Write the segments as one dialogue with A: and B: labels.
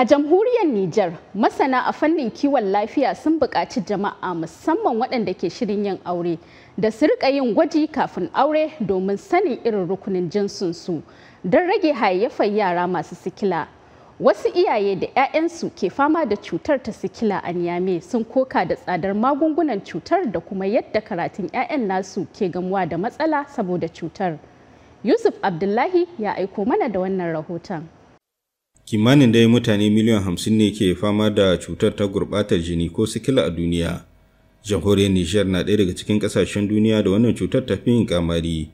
A: A jamhuriyar Nijar, masana a fannin kiwon lafiya sun buƙaci jama'a musamman waɗanda ke shirin yin aure da su rika yin gwaji kafin aure domin sanin irin rukunin jinsinsu don rage hayayyafar yara masu sikila. Wasu iyaye da 'ya'yansu ke fama da cutar ta sikila a Niyame sun koka da tsadar magungunan cutar da kuma yadda karatun 'ya'yan nasu ke gamuwa da matsala saboda cutar. Yusuf Abdullahi ya aiko mana da wannan rahoton.
B: kimanin dai mutane miliyan hamsin ne ke fama da cutar ta gurbatar jini ko sikila a duniya jamhuriyar nijar na ɗaya daga cikin ƙasashen duniya da wannan cutar ta fi yin kamari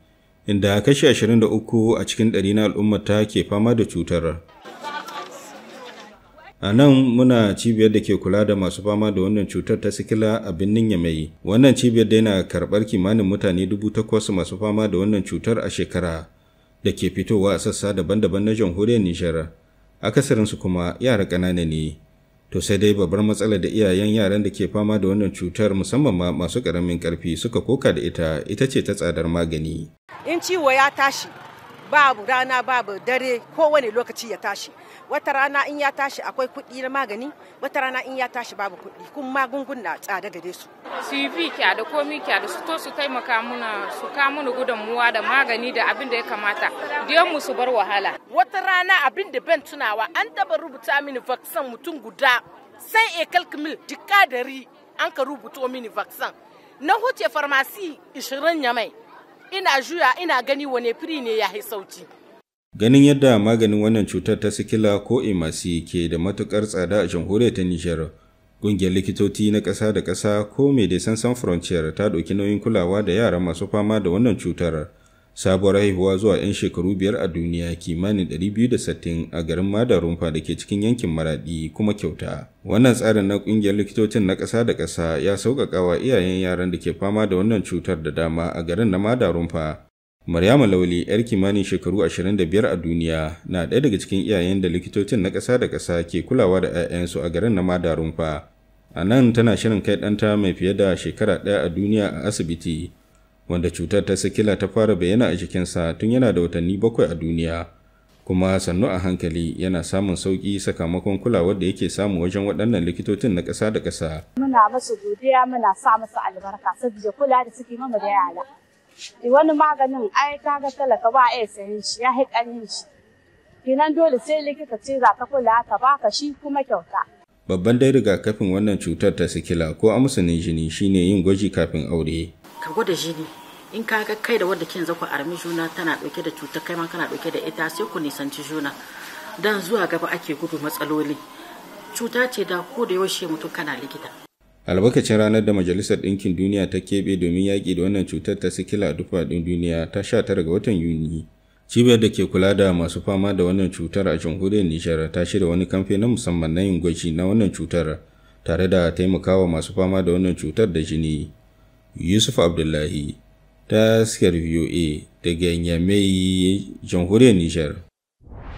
B: inda kashi uku a cikin ɗari na al'ummar ta ke fama da cutar a nan muna cibiyar da ke kula da masu fama da wannan cutar ta sikila a birnin yamai wannan cibiyar da yana karɓar kimanin mutane dubu takwas masu fama da wannan cutar a shekara da ke fitowa a sassa daban-daban na jamhuriyar nijar akasarinsu kuma yara ƙanana ne to sai dai babbar matsalar da iyayen yaran da ke fama da wannan cutar musamman ma masu ƙaramin ƙarfi suka koka da ita ita ce ta tsadar magani
A: in ciwo ya tashi babu rana babu dare kowane lokaci ya tashi wata rana in ya tashi akwai kuɗi na magani wata rana in ya tashi babu kuɗi kuma na tsada gare su su yi kya da komi kya da su to su taimaka muna su ka muna gudunmuwa da magani da abin da ya kamata diyan mu su bar wahala wata rana abin da ban tunawa an taba rubuta mini vaccine mutum guda sai a kalkumil jika dari an ka rubuto mini vaccine na huce farmasi 20 yamai ina juya ina gani wane firi ne ya sauti.
B: Ganin yadda maganin wannan cutar ta sikila ko imasi ke da matukar tsada a jamhuriyar ta Nijar, ƙungiyar likitoci na ƙasa da ƙasa ko mai sansan Frontier ta ɗauki nauyin kulawa da yara masu fama da wannan cutar. sabuwar haihuwa zuwa 'yan shekaru biyar a duniya kimanin 260 a garin mada-rumfa da ke cikin yankin maradi kuma kyauta wannan tsarin na kungiyar likitocin na ƙasa da ƙasa ya sauƙaƙa iyayen yaran da ke fama da wannan cutar da dama a garin na rumfa. maryama lauli yar kimanin shekaru 25 a duniya na ɗaya daga cikin iyayen da likitocin na ƙasa da ƙasa ke kulawa da 'ya'yansu a garin na rumfa. a nan tana shirin kai ɗanta mai fiye da shekara ɗaya a duniya a asibiti wanda cutar ta sikila ta fara bayyana a jikinsa tun yana da watanni bakwai a duniya kuma sannu a hankali yana samun sauki sakamakon kulawar da yake samu wajen waɗannan likitocin na ƙasa da ƙasa.
A: Muna masu godiya muna sa masu albarka saboda kula da suke mama da yara. Eh, wani maganin ai ka ga talaka ba a sayen shi ya haƙarin shi. Kinan dole sai likita ce za ta kula ta baka shi kuma kyauta.
B: Babban dai rigakafin wannan cutar ta sikila ko amsanin jini shine yin gwaji kafin aure.
A: ka gwada jini in ka ga kai da wadda kin ku armi juna tana dauke da cutar kai ma kana dauke da ita sai ku nisanci juna dan zuwa gaba ake gudu matsaloli cuta ce da ko da yaushe mutum kana likita
B: albarkacin ranar da majalisar ɗinkin duniya ta keɓe domin yaƙi da wannan cutar ta sikila a duk faɗin duniya ta sha tara ga watan yuni cibiyar da ke kula da masu fama da wannan cutar a jamhuriyar nijar ta shirya wani kamfe na musamman na yin gwaji na wannan cutar tare da taimakawa masu fama da wannan cutar da jini Yusuf Abdullahi, taskar VOA daga Nyamai, jamhuriyar Nijar.